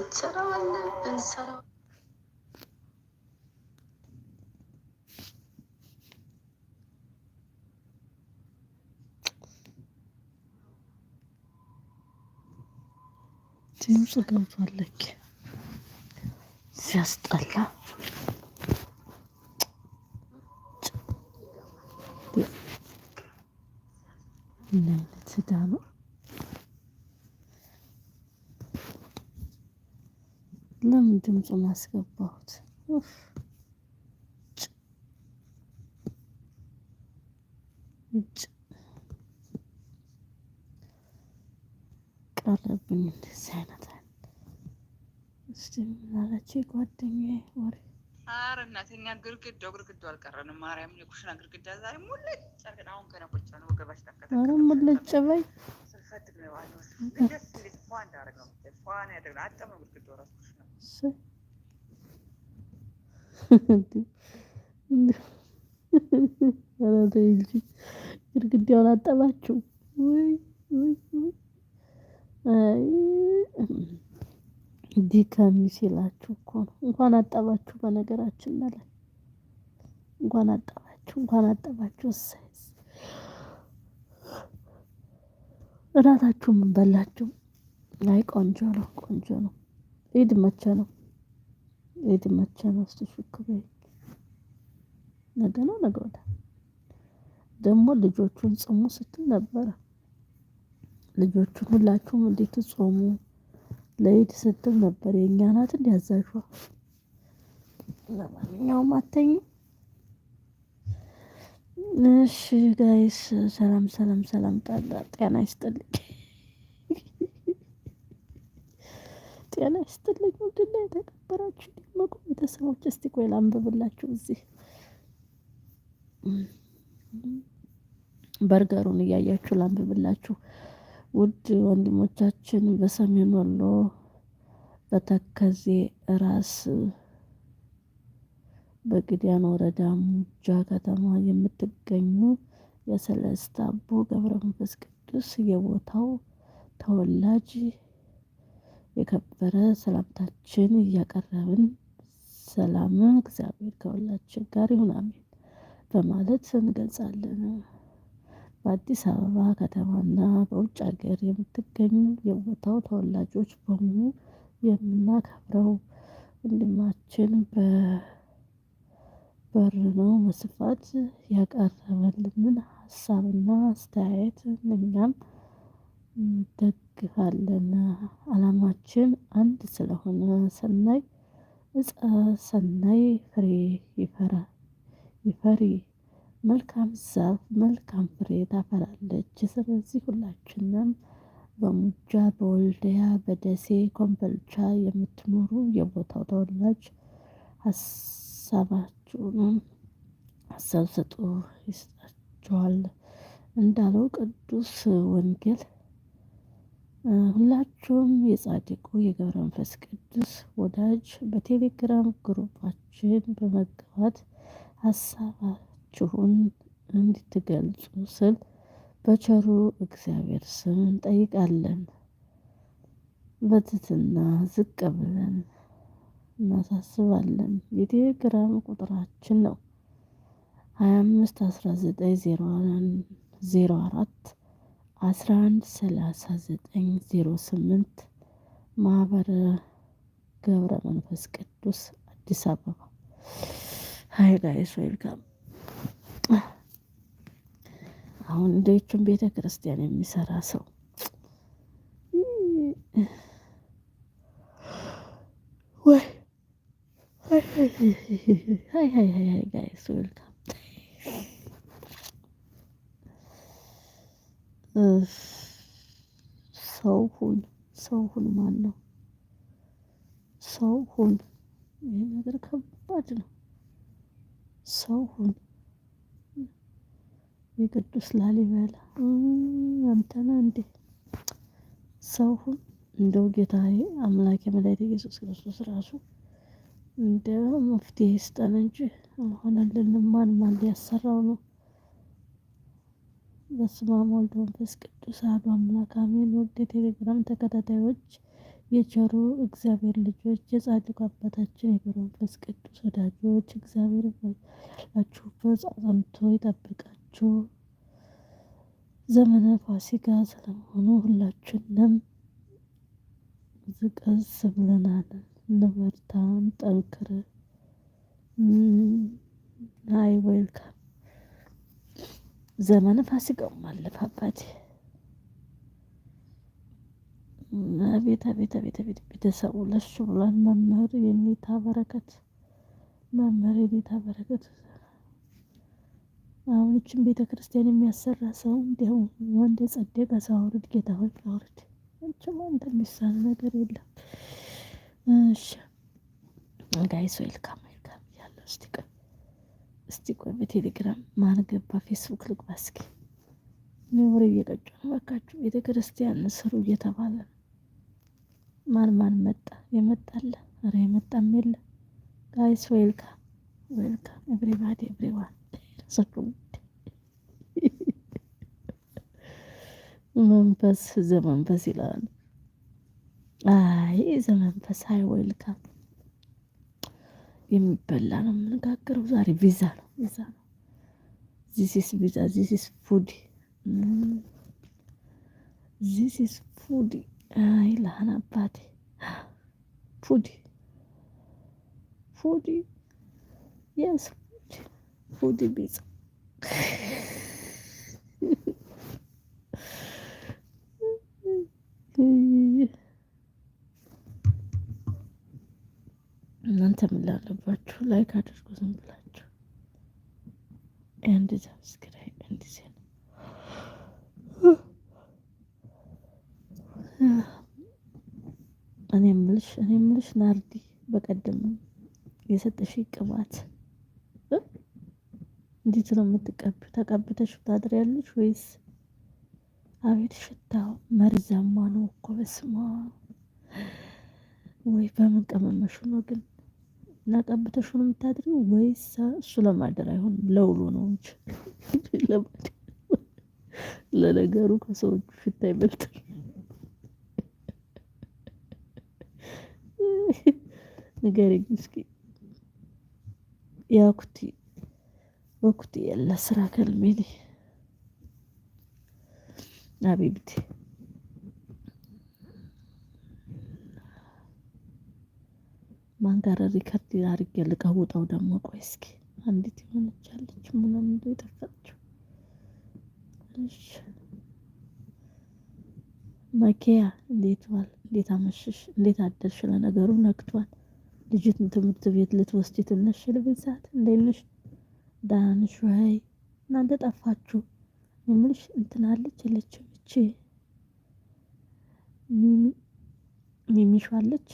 እንሰራዋለን እንሰራ ድምፅ ገብቷለክ ሲያስጠላ ምን አይነት ስጋ ነው? ለምን ድምፁን አስገባሁት? ቀረብኝ። እንደዚህ አይነት እስቲ ምናላቸው ጓደኛዬ ወሬ ኧረ እናቴ ግርግዳው ግርግዳው አልቀረንም። ማርያም የኩሽና ግርግዳ ዛሬ ሙልጭ አድርገን አሁን ገና ቁጭ ነው ወገባች ተከተከ። ኧረ ሙልጭ በይ ስንፈትግ ነው ያለው። ደስ እንዴት ፏ እንዳደረግነው ፏ ነው ያደረግነው። አጠብነው ግርግዳው ራሱ ኧረ ተይ እንጂ ዲከም ሲላችሁ እኮ ነው። እንኳን አጠባችሁ። በነገራችን ላይ እንኳን አጠባችሁ፣ እንኳን አጠባችሁ። እሰይ እራታችሁ ምን በላችሁ? አይ ቆንጆ ነው፣ ቆንጆ ነው። ኢድ መቼ ነው? ኢድ መቼ ነው? እስቲ ሹክ በይ። ነገ ነው ነገ ወዲያ ደግሞ ልጆቹን ጽሙ ስትል ነበረ። ልጆቹን ሁላችሁም እንዴት ጾሙ ለኢድ ስትል ነበር። የእኛ ናት እንዲያዛዧ። ለማንኛውም አተኝ እሺ ጋይስ፣ ሰላም ሰላም ሰላም፣ ጣላ ጤና ይስጥልኝ። ጤና ይስጥልኝ። ውድና የተከበራችሁ ደመቁ ቤተሰቦች እስቲ ቆይ ላንብብላችሁ። እዚህ በርገሩን እያያችሁ ላንብብላችሁ። ውድ ወንድሞቻችን በሰሜን ወሎ በተከዜ ራስ በግዲያን ወረዳ ሙጃ ከተማ የምትገኙ የሰለስተ አቦ ገብረ መንፈስ ቅዱስ የቦታው ተወላጅ የከበረ ሰላምታችን እያቀረብን ሰላም እግዚአብሔር ከሁላችን ጋር ይሁን አሜን በማለት እንገልጻለን። በአዲስ አበባ ከተማና በውጭ ሀገር የምትገኙ የቦታው ተወላጆች በሙሉ የምናከብረው ወንድማችን በበር ነው በስፋት ያቀረበልንን ሀሳብና አስተያየት እኛም እንደግፋለን። አላማችን አንድ ስለሆነ ሰናይ እጸ ሰናይ ፍሬ ይፈራ ይፈሪ መልካም ዛፍ መልካም ፍሬ ታፈራለች። ስለዚህ ሁላችንም በሙጃ በወልዲያ በደሴ ኮምቦልቻ የምትኖሩ የቦታው ተወላጅ ሀሳባችሁንም ሀሳብ ስጡ ይስጣችኋል እንዳለው ቅዱስ ወንጌል ሁላችሁም የጻድቁ የገብረ መንፈስ ቅዱስ ወዳጅ በቴሌግራም ግሩፓችን በመግባት ሀሳባችሁን እንድትገልጹ ስል በቸሩ እግዚአብሔር ስም እንጠይቃለን። በትትና ዝቅ ብለን እናሳስባለን። የቴሌግራም ቁጥራችን ነው ሀያ አምስት አስራ ዘጠኝ ዜሮ አራት 113908 ማህበረ ገብረ መንፈስ ቅዱስ አዲስ አበባ። ሀይ ጋይስ ዌልካም። አሁን እንደቹም ቤተ ክርስቲያን የሚሰራ ሰው ወይ ሀይ ሀይ ሀይ ጋይስ ዌልካም ሰው ሁን፣ ሰው ሁን። ማን ነው ሰው ሁን? ይህ ነገር ከባድ ነው። ሰው ሁን። የቅዱስ ላሊበላ አንተና እንዴ! ሰው ሁን። እንደው ጌታዬ አምላክ የመድኃኒት ኢየሱስ ክርስቶስ ራሱ እንደ መፍትሄ ይስጠን እንጂ አልሆነልንም። ማን ማን ሊያሰራው ነው? በስመ አብ ወወልድ ወመንፈስ ቅዱስ አሐዱ አምላክ አሜን። ውድ የቴሌግራም ተከታታዮች፣ የቸሩ እግዚአብሔር ልጆች፣ የጻድቁ አባታችን የገብረ መንፈስ ቅዱስ ወዳጆች እግዚአብሔር ባላችሁበት ጸንቶ ይጠብቃችሁ። ዘመነ ፋሲካ ስለመሆኑ ሁላችንም ዝቀዝ ብለናል። እንበርታ፣ እንጠንክር። አይ ዌልካም ዘመን ፋሲካውም አለፈ። አባቴ አቤት አቤት አቤት አቤት ቤተሰቡ ለሱ ብሏል። መምህር የኔታ በረከት መምህር የኔታ በረከት አሁንችን ቤተ ክርስቲያን የሚያሰራ ሰው እንዲያው ወንድ ጸደቀ ሰው አውርድ፣ ጌታ ሆይ አውርድ። እንችም አንድ የሚሳል ነገር የለም። እሺ ጋይስ ዌልካም ዌልካም ያለው ስቲቀር እስቲ ቆይ በቴሌግራም ማን ገባ? ፌስቡክ ልግባ እስኪ። ወሬ እየቀጩ ነው በቃችሁ። ቤተ ክርስቲያን ስሩ እየተባለ ማን ማን መጣ? የመጣለ ኧረ የመጣም የለ። ጋይስ ዌልካ ዌልካ ኤብሪባዲ ኤብሪዋን መንፈስ ዘመንፈስ ይላሉ። አይ ዘመንፈስ ሀይ ዌልካም የሚበላ ነው የምንጋገረው። ዛሬ ቪዛ ነው ቪዛ ነው። ዚስ ቪዛ ዚስ ፉድ ዚስ ፉድ አይ ለህና አባቴ ፉድ ፉድ የስ ፉድ ፉድ ቢዛ እናንተ ምን ላለባችሁ ላይክ አድርጉ ዝም ብላችሁ አንድ ሰብስክራይብ እንዲዜ እኔ ምልሽ እኔ ምልሽ ናርዲ በቀደም የሰጠሽ ቅባት እንዴት ነው የምትቀቢ? ተቀብተሽ ታድሪያለሽ ወይስ? አቤት ሽታው መርዛማ ነው እኮ በስማ ወይ በምን ቀመመሹ ነው ግን እና ቀብተሽ ነው የምታድሪው ወይስ እሱ ለማደር አይሆንም ለውሎ ነው እንጂ ለነገሩ ከሰዎቹ ሽታ ይበልጣል። ንገሪኝ እስኪ ያኩቲ ወኩቲ የለ ስራ ከልሜኔ አቢብቴ ማን ጋር ሪከርድ አድርጌ ልቀውጠው ደግሞ። ቆይ እስኪ አንዲት የሆነች አለች ምናምን እንደ የጠፋችው መኪያ እንዴት ዋል፣ እንዴት አመሸሽ፣ እንዴት አደርሽ? ለነገሩ ነግቷል። ልጅት ትምህርት ቤት ልትወስጂ ትንሽ ልብል ሰዓት እንዴት ነሽ? ደህና ነሽ ወይ? እናንተ ጠፋችሁ። የምልሽ እንትን አለች የለችም? እቺ ሚሚ ሚሚሽ አለች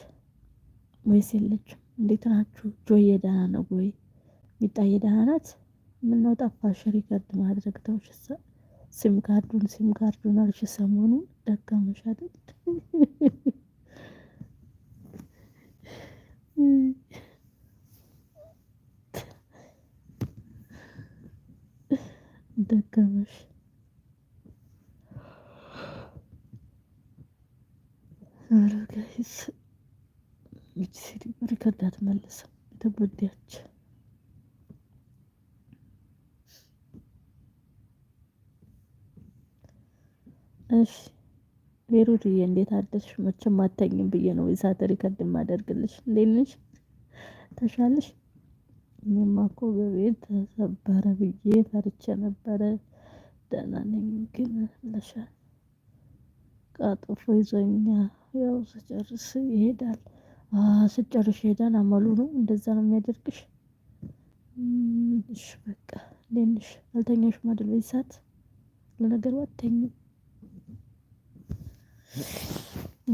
ወይስ የለችም? እንዴት ናችሁ? ጆዬ ደህና ነው ወይ? ሚጣዬ ደህና ናት? ምነው ጠፋሽ? ሪከርድ ማድረግ ተውሽ? ሲም ካርዱን ሲም ካርዱን አልሽ። ሰሞኑን ደከመሽ አይደል? ደከመሽ ኧረ ጋይስ ይቺ ሴት ሪከርድ አትመልስም። የተጎዳች እሺ ቤሩትዬ እንዴት አደርሽ? መቼም አታኝም ብዬ ነው የሳት ሪከርድ ማደርግልሽ። እንዴት ነሽ? ተሻለሽ? እኔማ እኮ በቤት ተሰበረ ብዬ ፈርቼ ነበረ። ደህና ነኝ ግን ለሻ ቃጥፎ ይዞኛ ያው ስጨርስ ይሄዳል። ስጨርሽ ሄዳን አመሉ ነው። እንደዛ ነው የሚያደርግሽ። እሺ በቃ ሌንሽ አልተኛሽ አይደል? በዚህ ሰዓት ለነገሩ አትተኝም።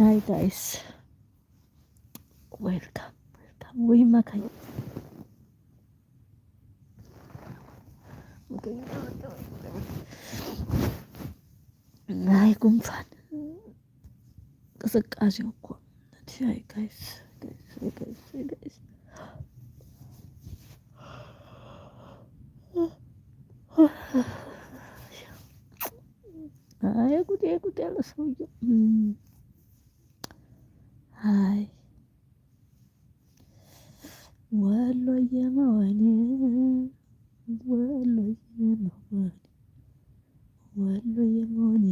ናይ ጋይስ ዌልካም ዌልካም። ወይ ማካኝ ናይ ጉንፋን ቅስቃሴው እኮ አይ ጋይስ ጉዴ ጉዴ ያለ ሰውዬው። አይ ወሎዬ መሆኔ ወሎዬ መሆኔ ወሎዬ መሆኔ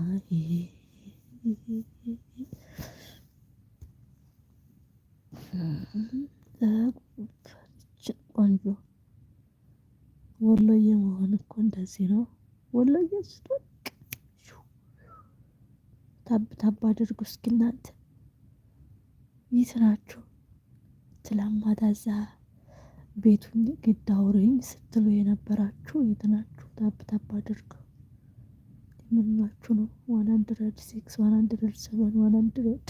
አይ ቆንጆ ወሎዬ መሆን እኮ እንደዚህ ነው። ወሎዬ ስትወቅ ታብ ታብ አድርጉ እስኪ እናንተ የት ናችሁ? ትላማታ እዛ ቤቱን ግድ አውሪኝ ስትሉ የነበራችሁ የት ናችሁ? ታብ ታብ አድርጉ። ምናችሁ ነው? ዋን አንድረድ ሲክስ ዋን አንድረድ ሰቨን ዋን አንድረድ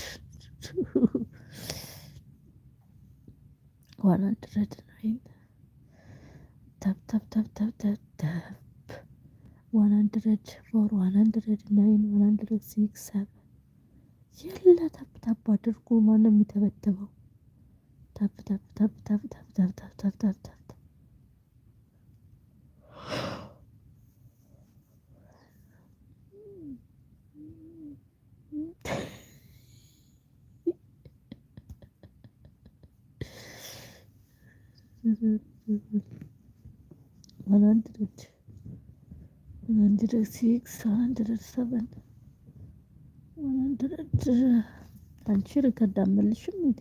በኋላ ድረድ ነው ተብ ተብ ተብ ተብ ተብ ዋን ሀንድረድ ፎር ዋን ሀንድረድ ናይን ዋን ሀንድረድ ሲክስ የለ የሚተበትበው? one hundred, one አንቺ አመልሽም እንዴ?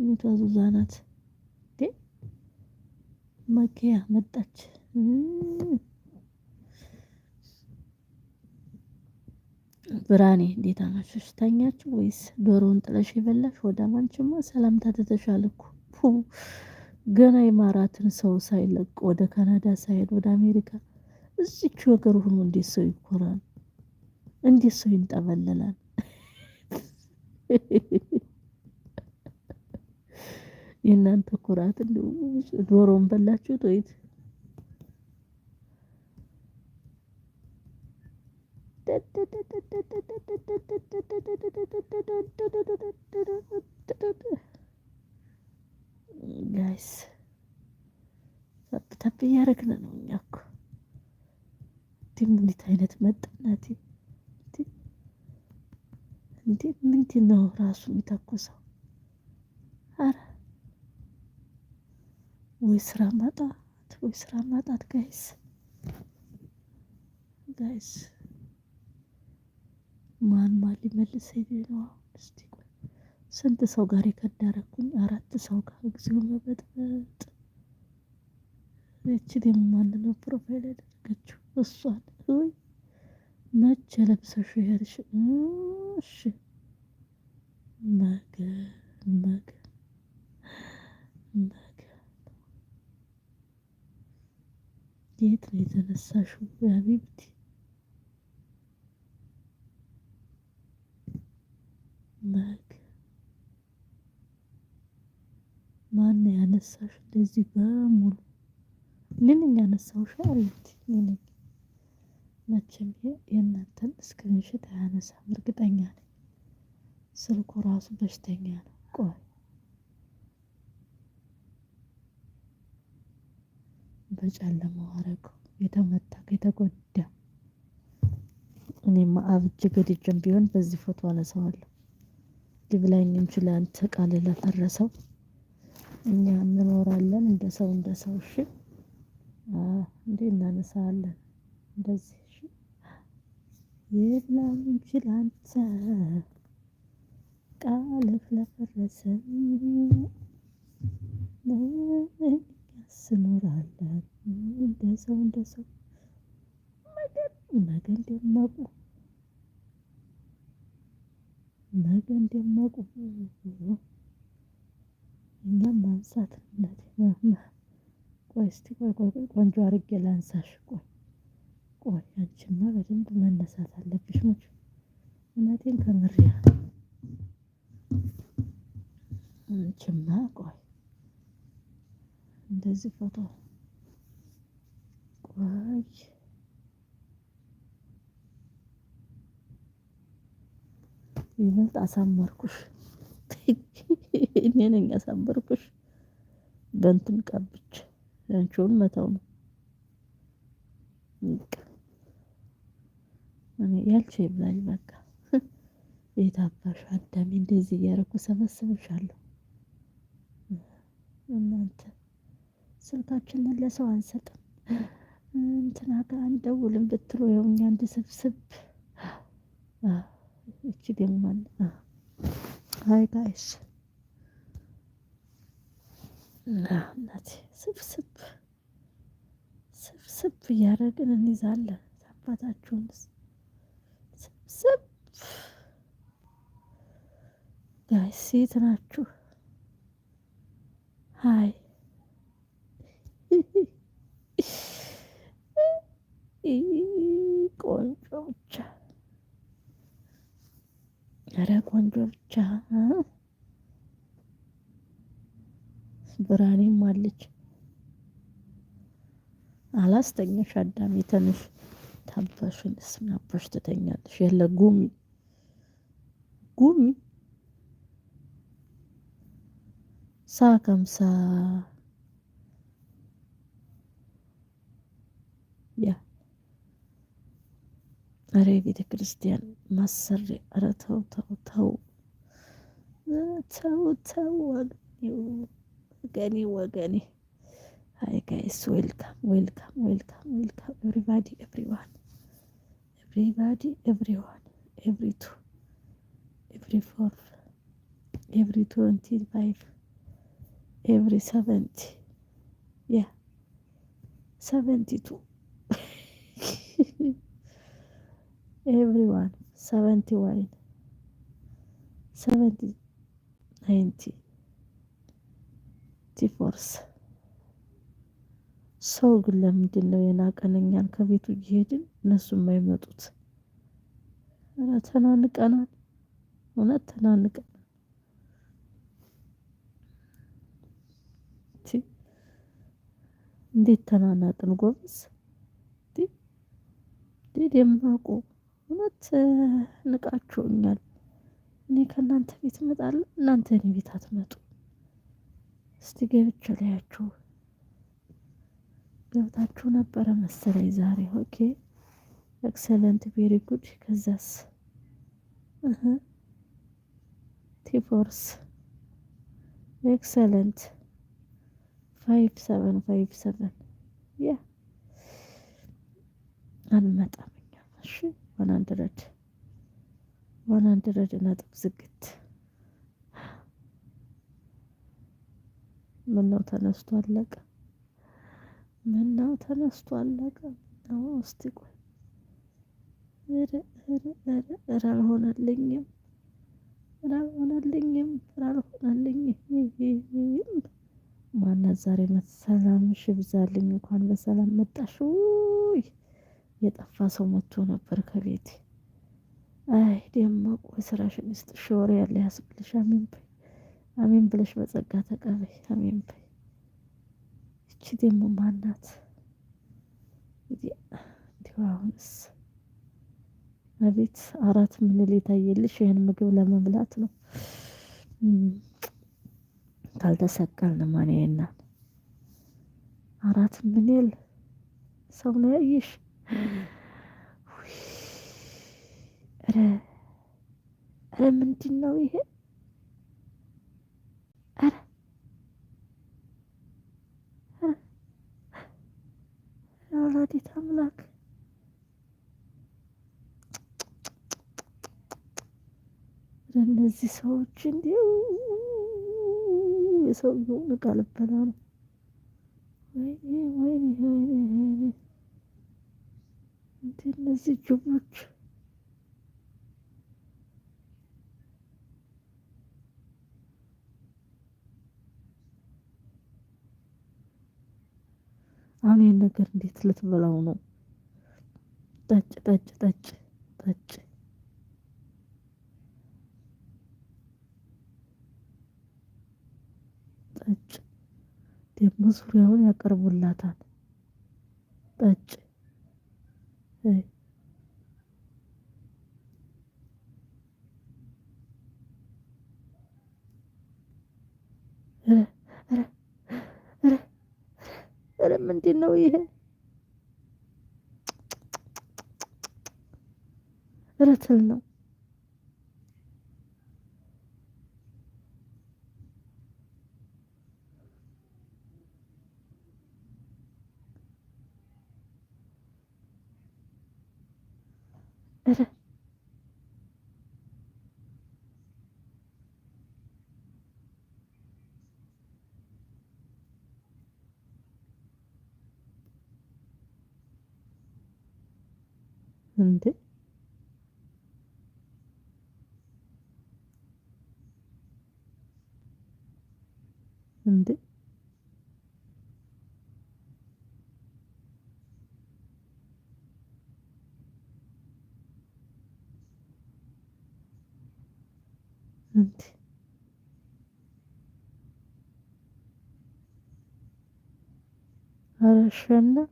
እኔቷ ዙዛ ናት እንዴ? መኪያ መጣች። ብራኔ እንዴት አመሸሽ? ተኛችሁ ወይስ ዶሮውን ጥለሽ የበላሽ? ወደ ማንችማ ሰላምታ ትተሻል እኮ ገና የማራትን ሰው ሳይለቅ ወደ ካናዳ ሳይሄድ ወደ አሜሪካ እዚች ወገር ሆኖ እንዴት ሰው ይኮራል? እንዴት ሰው ይንጠበለላል? የእናንተ ኩራት ዶሮን በላችሁት ወይት ጋይስ ጠብጠብ እያደረግን ነው። እኛ እኮ እንዴት አይነት መጠናት እንዴት ምንድን ነው ራሱ የሚተኮሰው? አረ ወይ ስራ ማጣት፣ ወይ ስራ ማጣት። ጋይስ ጋይስ ማን ማን ሊመልሰኝ ነው? ስንት ሰው ጋር የከዳረኩኝ አራት ሰው ጋር እግዚኦ መበጥበጥ። ይችን የማንነው ፕሮፋይል ያደረገችው እሷን ወይ መቼ ለብሰሽ ሄድሽ? እሺ ነገ ነገ ነገ የት ነው የተነሳሽው ሀቢብቲ? ነገ ማን ያነሳሽ እንደዚህ በሙሉ ምን ያነሳውሽ አለች። ምን መቼም የእናንተን እስክሪንሽት አያነሳም፣ እርግጠኛ ነኝ። ስልኩ ራሱ በሽተኛ ነው። ቆይ በጨለማው አረገው የተመታ የተጎዳ። እኔማ አብጅ ገድጅም ቢሆን በዚህ ፎቶ አነሳዋለሁ። ሊብላኝም ይችላል ተቃል ለፈረሰው እኛ እንኖራለን እንደ ሰው እንደ ሰው እሺ፣ እንዴ እናነሳለን እንደዚህ እሺ። የላም ችላንተ ቃልህ ለፈረሰ ስኖራለን እንደ ሰው እንደ ሰው ነገን ደመቁ ነገን ደመቁ እኛም ማንሳት ቆይ እስቲ ቆይ ቆይ ቆይ ቆንጆ አድርጌ ላንሳሽ። ቆይ ቆይ አንቺማ በደንብ መነሳት አለብሽ። ሞች እውነቴን ከምሪያ አንቺማ ቆይ እንደዚህ ፎቶ ቆይ ይበልጥ አሳመርኩሽ። እኔ ነኝ ያሳበርኩሽ። በእንትን ቀብች ያንቺውን መተው ነው ያልቼ ይብላኝ። በቃ የታባሽ አዳሜ እንደዚህ እያደረኩ ሰበስብሻለሁ። እናንተ ስልካችንን ለሰው አንሰጥም እንትና ጋር እንደውልም ብትሉ ያው እኛ አንድ ስብስብ እቺ ደግሞ አይ ጋይስ እናት ስብስብ ስብስብ እያደረግን እንይዛለን። አባታችሁንስ ስብስብ ጋይ ሴት ናችሁ። ሀይ ቆንጆ ብቻ ኧረ ቆንጆ ብቻ ብርሃኔም አለች። አላስተኛሽ አዳሜ ተነሽ፣ ታባሽን ስናባሽ ትተኛለሽ። የለ ጉሚ ጉሚ ሳከምሳ ያ ኧረ ቤተ ክርስቲያን ማሰሪ ኧረ ተው ተው ተው ተው ተው Gani well Hi guys, welcome, welcome, welcome, welcome, everybody, everyone. Everybody, everyone, every two, every fourth, every twenty-five, every seventy. Yeah. Seventy-two. everyone, seventy-one. Seventy ninety. ቲፎርስ ሰው ግን ለምንድን ነው የናቀን? እኛን ከቤቱ እየሄድን እነሱ የማይመጡት? ተናንቀናል፣ እውነት ተናንቀናል። እንዴት ተናናቅን ጎበዝ! እንዴት የምናውቁ እውነት ንቃችሁኛል። እኔ ከእናንተ ቤት እመጣለሁ፣ እናንተ እኔ ቤት አትመጡ። እስቲ ገብቼ ላያችሁ ገብታችሁ ነበረ መሰለኝ ዛሬ። ኦኬ ኤክሰለንት ቬሪ ጉድ። ከዛስ ቲፎርስ ኤክሰለንት ፋይቭ ሰቨን ፋይቭ ሰቨን ያ አንመጣም እኛ። እሺ ዋን ሀንድረድ ዋን ሀንድረድ ነጥብ ዝግት ምነው ተነስቶ አለቀ? ምነው ተነስቶ አለቀ? ምነው እስቲ ቆይ ኧረ ኧረ ኧረ ኧረ አልሆነልኝም ኧረ አልሆነልኝም ኧረ አልሆነልኝም። ማናት ዛሬ ሰላምሽ ይብዛልኝ፣ እንኳን በሰላም መጣሽ። ውይ የጠፋ ሰው መጥቶ ነበር ከቤቴ። አይ ደግሞ ቆይ ስራሽን እስጥሽ ወሬ ያለ ያስብልሽ። አሜን አሜን ብለሽ በጸጋ ተቀበይ። አሜን በይ። እቺ ደግሞ ማናት? እንዲሁ አሁንስ አቤት አራት ምንል የታየልሽ ይህን ምግብ ለመብላት ነው። ካልተሰቀልን ማን ያየናል? አራት ምንል ሰው ነው ያየሽ። ኧረ ኧረ ምንድን ነው ይሄ? ወላዲት አምላክ እነዚህ ሰዎች እንዲሁ የሰው ሆኑ ቃልበላ ነው። ወይኔ ወይኔ ወይኔ ወይኔ እነዚህ ጅቦች አሁን ይህን ነገር እንዴት ልትበላው ነው? ጠጭ ጠጭ ጠጭ ጠጭ ጠጭ ደግሞ ዙሪያውን ያቀርቡላታል። ጠጭ ኧረ Salamat din na uihe. Ratalna. Ratalna. ఉంది ఉంది ఉంది Araşlarında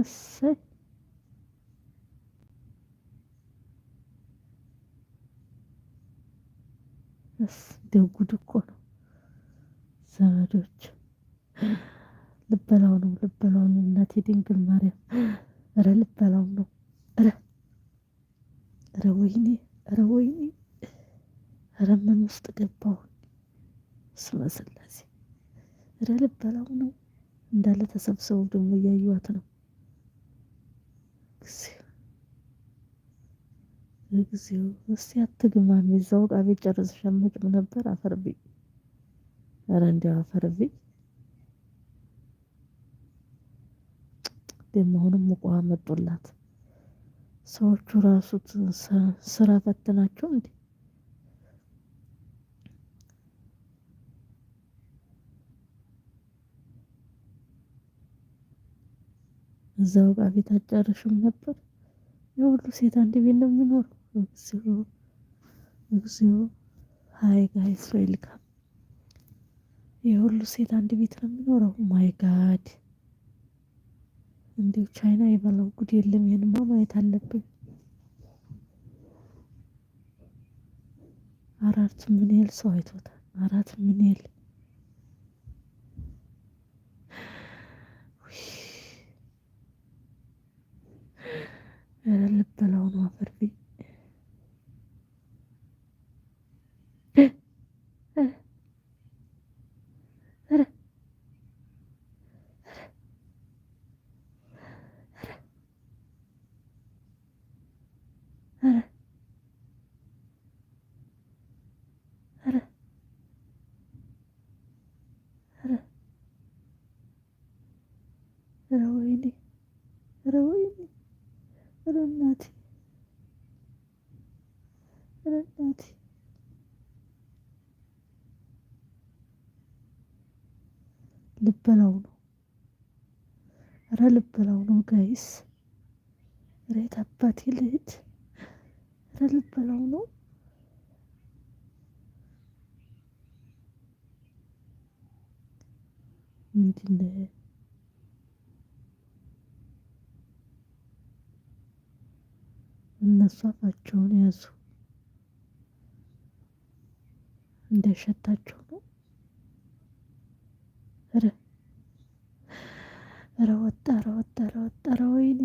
እሰይ እንደው እኮ ነው ዘመዶች። ልበላው ነው ልበላው ነው እናቴ ድንግል ማርያም። ኧረ ልበላው ነው ኧረ ኧረ ወይኔ ኧረ ወይኔ ኧረ ምን ውስጥ ገባሁኝ ስመስል ለዚህ ልበላው ነው እንዳለ ተሰብስበው ደግሞ እያዩዋት ነው። እግዚኦ እግዚኦ እስቲ አትግማሚ እዛው ዕቃ ቤት ጨርሰሽ አትመጭም ነበር አፈርቢ ኧረ እንዲያው አፈርቢ ደግሞ አሁንም መጡላት ሰዎቹ ራሱ ስራ ፈትናቸው እንዴ እዛው ጋር ቤት አጨረሽም ነበር። የሁሉ ሴት አንድ ቤት ነው የሚኖር። እግዚኦ እግዚኦ ሀይ ጋይ ሶይልካም የሁሉ ሴት አንድ ቤት ነው የሚኖረው። ማይ ጋድ እንዲሁ ቻይና የበላው ጉድ የለም። ይህንማ ማየት አለብኝ። አራት ምን ያህል ሰው አይቶታል? አራት ምን ያህል amor, Barbie. ረዳት ልበላው ነው። ኧረ ልበላው ነው ጋይስ። ሬት አባቴ ልሂድ። ኧረ ልበላው ነው። ምንድን እነሱ አፋቸውን ያዙ። እንደሸታችሁ ነው። ረ ረ ወጣ ረ ወጣ ረ ወጣ ረ ወይኔ